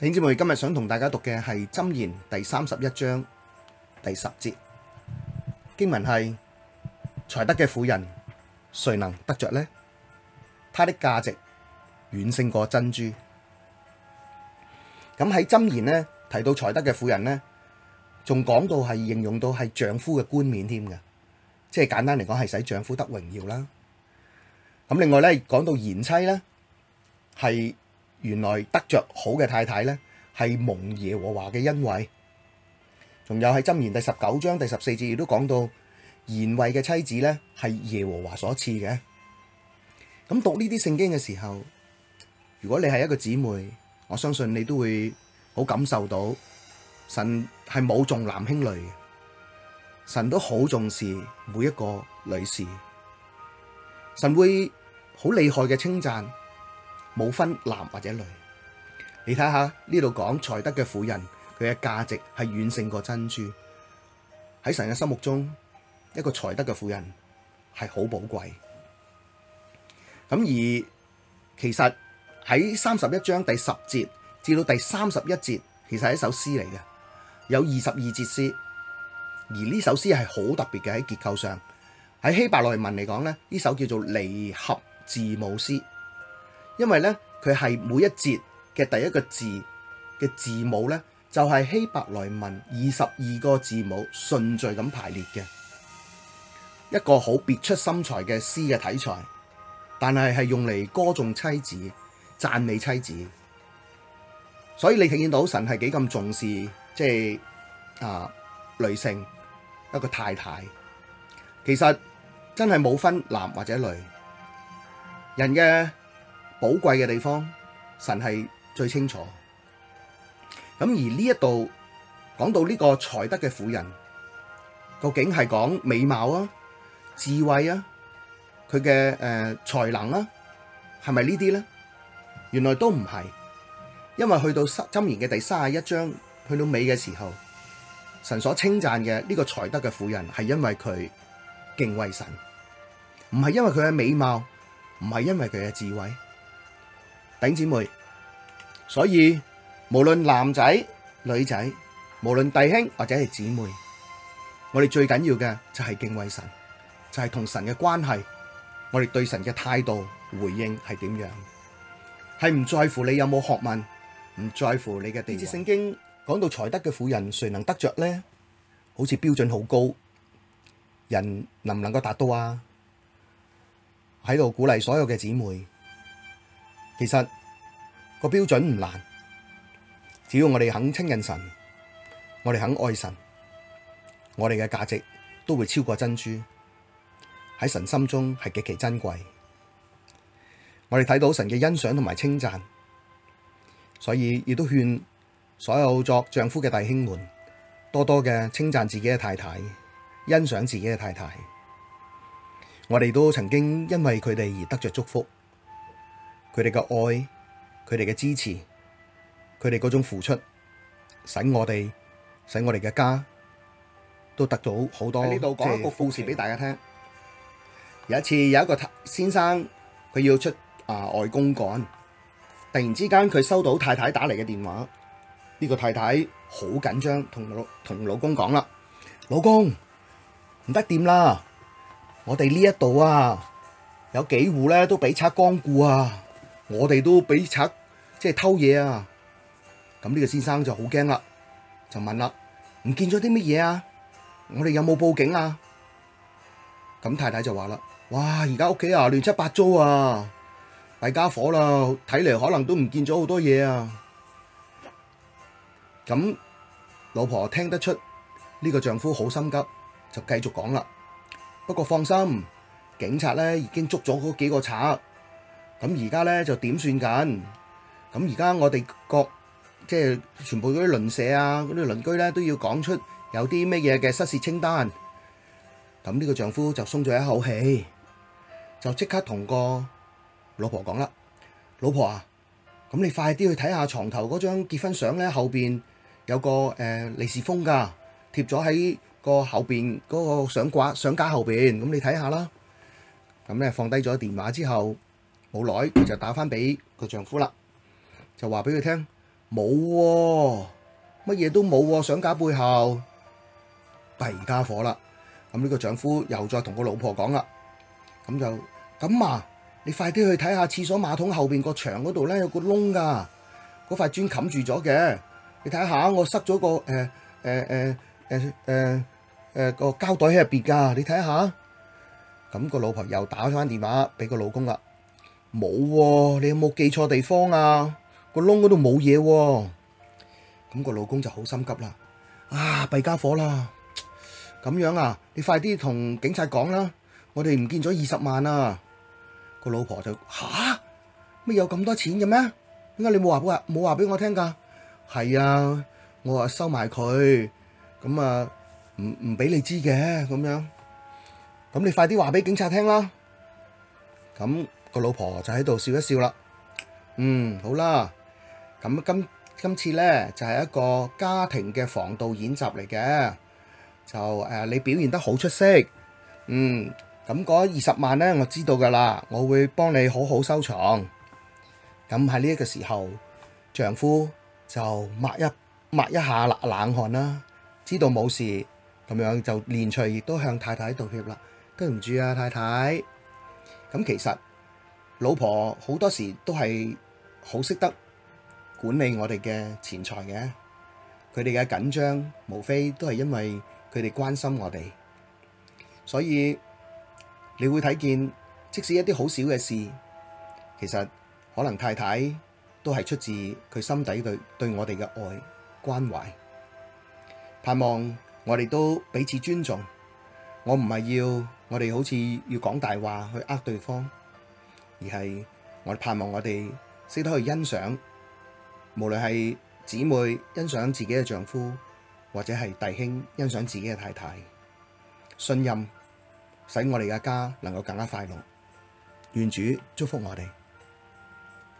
弟兄姊妹，今日想同大家讀嘅係《箴言》第三十一章第十節。經文係：才德嘅婦人，誰能得着呢？她的價值遠勝過珍珠。咁喺《箴言》呢，提到才德嘅婦人呢，仲講到係形容到係丈夫嘅冠冕添嘅，即係簡單嚟講係使丈夫得榮耀啦。咁另外呢，講到賢妻呢，係。原來得着好嘅太太咧，係蒙耶和華嘅恩惠。仲有，喺《箴言》第十九章第十四節，亦都講到賢惠嘅妻子咧，係耶和華所賜嘅。咁讀呢啲聖經嘅時候，如果你係一個姊妹，我相信你都會好感受到神係冇重男輕女嘅，神都好重視每一個女士，神會好厲害嘅稱讚。冇分男或者女，你睇下呢度講才德嘅婦人，佢嘅價值係遠勝過珍珠。喺神嘅心目中，一個才德嘅婦人係好寶貴。咁而其實喺三十一章第十節至到第三十一節，其實係一首詩嚟嘅，有二十二節詩。而呢首詩係好特別嘅喺結構上，喺希伯來文嚟講咧，呢首叫做離合字母詩。因為咧，佢係每一節嘅第一個字嘅字母咧，就係希伯來文二十二個字母順序咁排列嘅，一個好別出心裁嘅詩嘅題材。但係係用嚟歌頌妻子、讚美妻子，所以你睇見到神係幾咁重視，即係啊女性一個太太。其實真係冇分男或者女，人嘅。寶貴嘅地方，神係最清楚。咁而呢一度講到呢個才德嘅婦人，究竟係講美貌啊、智慧啊、佢嘅誒才能啊，係咪呢啲咧？原來都唔係，因為去到《箴言》嘅第三十一章去到尾嘅時候，神所稱讚嘅呢個才德嘅婦人，係因為佢敬畏神，唔係因為佢嘅美貌，唔係因為佢嘅智慧。頂姐妹，所以無論男仔、女仔，無論弟兄或者係姊妹，我哋最緊要嘅就係敬畏神，就係、是、同神嘅關係，我哋對神嘅態度回應係點樣，係唔在乎你有冇學問，唔在乎你嘅。呢次聖經講到才德嘅婦人，誰能得着呢？好似標準好高，人能唔能夠達到啊？喺度鼓勵所有嘅姊妹。其實個標準唔難，只要我哋肯親近神，我哋肯愛神，我哋嘅價值都會超過珍珠，喺神心中係極其珍貴。我哋睇到神嘅欣賞同埋稱讚，所以亦都勸所有作丈夫嘅弟兄們多多嘅稱讚自己嘅太太，欣賞自己嘅太太。我哋都曾經因為佢哋而得着祝福。佢哋嘅愛，佢哋嘅支持，佢哋嗰種付出，使我哋，使我哋嘅家，都得到好多。喺呢度講一個故事俾大家聽。有一次，有一個先生佢要出啊外公幹，突然之間佢收到太太打嚟嘅電話，呢、這個太太好緊張，同老同老公講啦，老公唔得掂啦，我哋呢一度啊有幾戶咧都俾賊光顧啊！我哋都俾賊即係偷嘢啊！咁呢個先生就好驚啦，就問啦：唔見咗啲乜嘢啊？我哋有冇報警啊？咁太太就話啦：哇！而家屋企啊亂七八糟啊，大家火啦，睇嚟可能都唔見咗好多嘢啊！咁老婆聽得出呢個丈夫好心急，就繼續講啦。不過放心，警察咧已經捉咗嗰幾個賊。咁而家咧就點算緊？咁而家我哋各即係全部嗰啲鄰舍啊，嗰啲鄰居咧都要講出有啲咩嘢嘅失事清單。咁呢個丈夫就鬆咗一口氣，就即刻同個老婆講啦：老婆啊，咁你快啲去睇下牀頭嗰張結婚相咧，後邊有個誒利是封㗎，貼咗喺個後邊嗰個相掛相架後邊。咁你睇下啦。咁咧放低咗電話之後。冇耐，佢就打翻俾個丈夫啦，就話俾佢聽冇乜嘢都冇，想假背後弊家伙啦。咁呢個丈夫又再同個老婆講啦，咁就咁啊！你快啲去睇下廁所馬桶後邊個牆嗰度咧，有個窿噶，嗰塊磚冚住咗嘅。你睇下，我塞咗個誒誒誒誒誒誒個膠袋喺入邊噶，你睇下。咁個老婆又打翻電話俾個老公啦。冇喎，你有冇記錯地方啊？個窿嗰度冇嘢喎，咁個老公就好心急啦。啊，弊家伙啦！咁樣啊，你快啲同警察講啦，我哋唔見咗二十萬啊！個老婆就吓？咩有咁多錢嘅咩？點解你冇話俾我冇話俾我聽噶？係啊，我話收埋佢，咁啊唔唔俾你知嘅咁樣。咁你快啲話俾警察聽啦。咁。個老婆就喺度笑一笑啦，嗯，好啦，咁今今次呢，就係、是、一個家庭嘅防盜演習嚟嘅，就誒、呃、你表現得好出色，嗯，咁嗰二十萬呢，我知道噶啦，我會幫你好好收藏。咁喺呢一個時候，丈夫就抹一抹一下冷汗啦，知道冇事，咁樣就連隨亦都向太太道歉啦，對唔住啊，太太，咁其實，老婆好多時都係好識得管理我哋嘅錢財嘅，佢哋嘅緊張無非都係因為佢哋關心我哋，所以你會睇見，即使一啲好小嘅事，其實可能太太都係出自佢心底對對我哋嘅愛、關懷，盼望我哋都彼此尊重，我唔係要我哋好似要講大話去呃對方。而係我盼望我哋識得去欣賞，無論係姊妹欣賞自己嘅丈夫，或者係弟兄欣賞自己嘅太太，信任使我哋嘅家能夠更加快樂。願主祝福我哋。